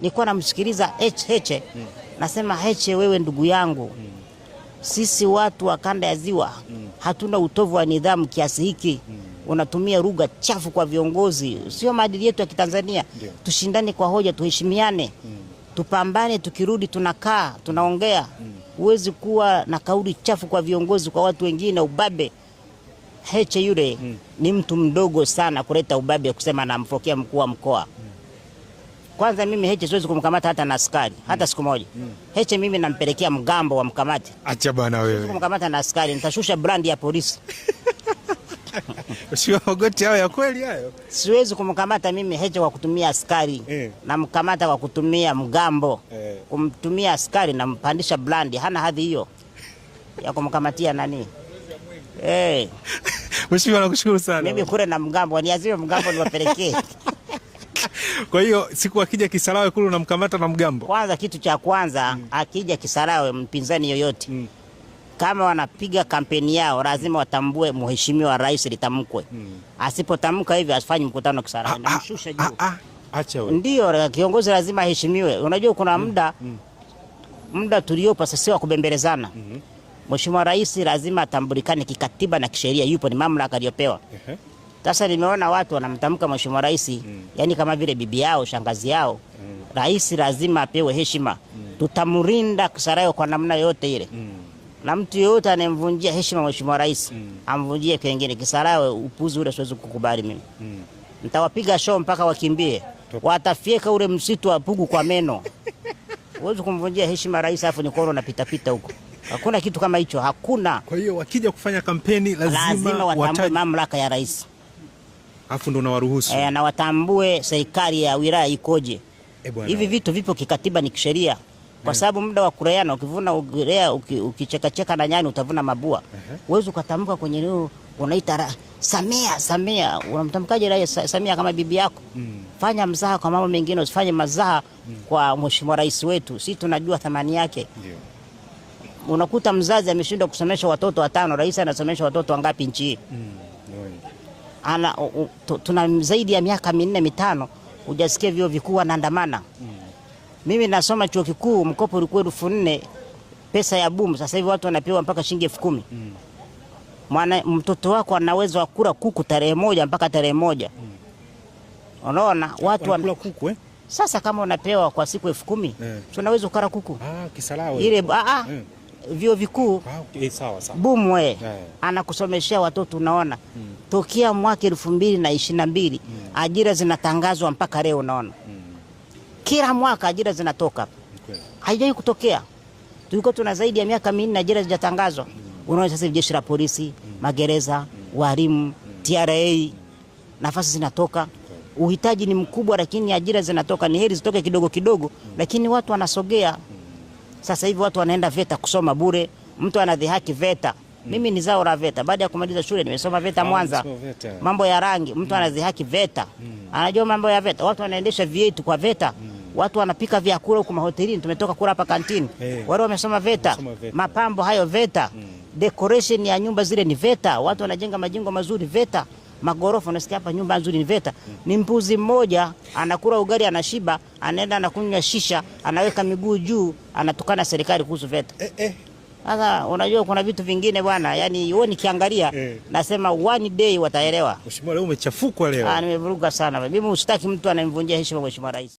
nilikuwa namsikiliza Heche, hmm. nasema Heche, wewe ndugu yangu, hmm. sisi watu wa kanda ya Ziwa hmm. hatuna utovu wa nidhamu kiasi hiki unatumia lugha chafu kwa viongozi, sio maadili yetu ya Kitanzania. Ndiyo. Tushindane kwa hoja, tuheshimiane, mm. tupambane. Tukirudi tunakaa tunaongea, huwezi mm. kuwa na kauli chafu kwa viongozi, kwa watu wengine, ubabe. Heche yule mm. ni mtu mdogo sana kuleta ubabe kusema namfokea mkuu wa mkoa mm. Kwanza mimi Heche siwezi kumkamata hata na askari hata siku moja. Heche mimi nampelekea mgambo wa mkamati. Acha bana wewe. kumkamata na askari, nitashusha brandi ya polisi. Sio magoti hayo ya kweli hayo. Siwezi kumkamata mimi Heche kwa kutumia askari eh. Namkamata kwa kutumia mgambo eh. Kumtumia askari nampandisha brandi, hana hadhi hiyo ya kumkamatia nani eh. Mheshimiwa, nakushukuru sana. Mimi kule na mgambo niazime mgambo niwapelekee Kwa hiyo siku akija Kisarawe kule unamkamata na mgambo. Kwanza kitu cha kwanza mm. akija Kisarawe mpinzani yoyote mm. kama wanapiga kampeni yao lazima watambue mheshimiwa rais litamkwe mm. asipotamka hivyo asifanye mkutano Kisarawe, ah, ah, namshusha juu. Ah, acha wewe. Ndio kiongozi lazima aheshimiwe. Unajua kuna mm, muda mm. muda tuliopa sasa wa kubembelezana mm -hmm. Mheshimiwa rais lazima atambulikane kikatiba na kisheria, yupo ni mamlaka aliyopewa. uh -huh. Sasa nimeona watu wanamtamka mheshimiwa rais mm. yani kama vile bibi yao, shangazi yao mm. Rais lazima apewe heshima mm. Tutamrinda Kisarayo kwa namna yote ile mm. na mtu yoyote anemvunjia heshima mheshimiwa rais mm. amvunjie kengine. Kisarawe upuzi ule siwezi kukubali mimi mm. nitawapiga show mpaka wakimbie, Top. watafieka ule msitu wa Pugu kwa meno Huwezi kumvunjia heshima rais afu nikono napita pita huko. Hakuna kitu kama hicho, hakuna. Kwa hiyo wakija kufanya kampeni lazima, lazima watambue mamlaka ya rais afu ndo nawaruhusu e, eh, na watambue serikali ya wilaya ikoje. Eh, Hivi e, vitu vipo kikatiba, ni kisheria kwa eh. sababu muda wa kureana, ukivuna uki, ukichekacheka na nyani utavuna mabua. Uwezi ukatamka kwenye leo unaita Samia Samia, unamtamkaje rais Samia kama bibi yako? mm. Fanya mzaha kwa mambo mengine, usifanye mazaha mm. kwa mheshimiwa rais wetu, si tunajua thamani yake yeah. Unakuta mzazi ameshindwa kusomesha watoto watano, rais anasomesha watoto wangapi nchi hii? mm ana u, u, tuna zaidi ya miaka minne mitano hujasikia vyuo vikuu wanaandamana. Mimi nasoma chuo kikuu, mkopo ulikuwa elfu nne pesa ya bumu, sasa hivi watu wanapewa mpaka shilingi elfu kumi. mm. Mwana mtoto wako anaweza wa kula kuku tarehe moja mpaka tarehe moja. mm. Unaona watu wanakula kuku eh? Sasa kama unapewa kwa siku elfu kumi eh. tunaweza ukala kuku ah, kisalawe ile ah, ah. eh vyuo vikuu Eh, sawa, sawa. Bumwe yeah, yeah. Anakusomeshea watoto unaona mm. Tokea mwaka elfu mbili na ishirini na mbili mm. Ajira zinatangazwa mpaka leo unaona mm. Kila mwaka ajira zinatoka okay. Haijai kutokea, tulikuwa tuna zaidi ya miaka minne ajira zijatangazwa mm. Unaona sasa jeshi la polisi mm. magereza mm. walimu mm. TRA mm. nafasi zinatoka okay. Uhitaji ni mkubwa, lakini ajira zinatoka. Ni heri zitoke kidogo kidogo mm. Lakini watu wanasogea mm. Sasa hivi watu wanaenda VETA kusoma bure, mtu anadhihaki VETA. Hmm. Mimi ni zao la VETA. Baada ya kumaliza shule nimesoma VETA Mwanza, mambo ya rangi. Mtu anadhihaki hmm. VETA, hmm. anajua mambo ya VETA. Watu wanaendesha vietu kwa VETA, watu wanapika vyakula huko mahotelini, tumetoka kula hapa kantini, wale wamesoma VETA. Mapambo hayo VETA, decoration ya nyumba zile ni VETA, watu wanajenga majengo mazuri VETA magorofa, unasikia hapa nyumba nzuri ni VETA. Ni mpuzi mmoja anakula ugali, anashiba, anaenda anakunywa shisha, anaweka miguu juu, anatukana serikali kuhusu VETA. Eh, eh. Sasa unajua kuna vitu vingine bwana, yani wewe nikiangalia eh, nasema one day wataelewa. Mheshimiwa, leo umechafukwa leo. Ah, nimevuruga sana. Mimi usitaki mtu anamvunjia heshima Mheshimiwa Rais.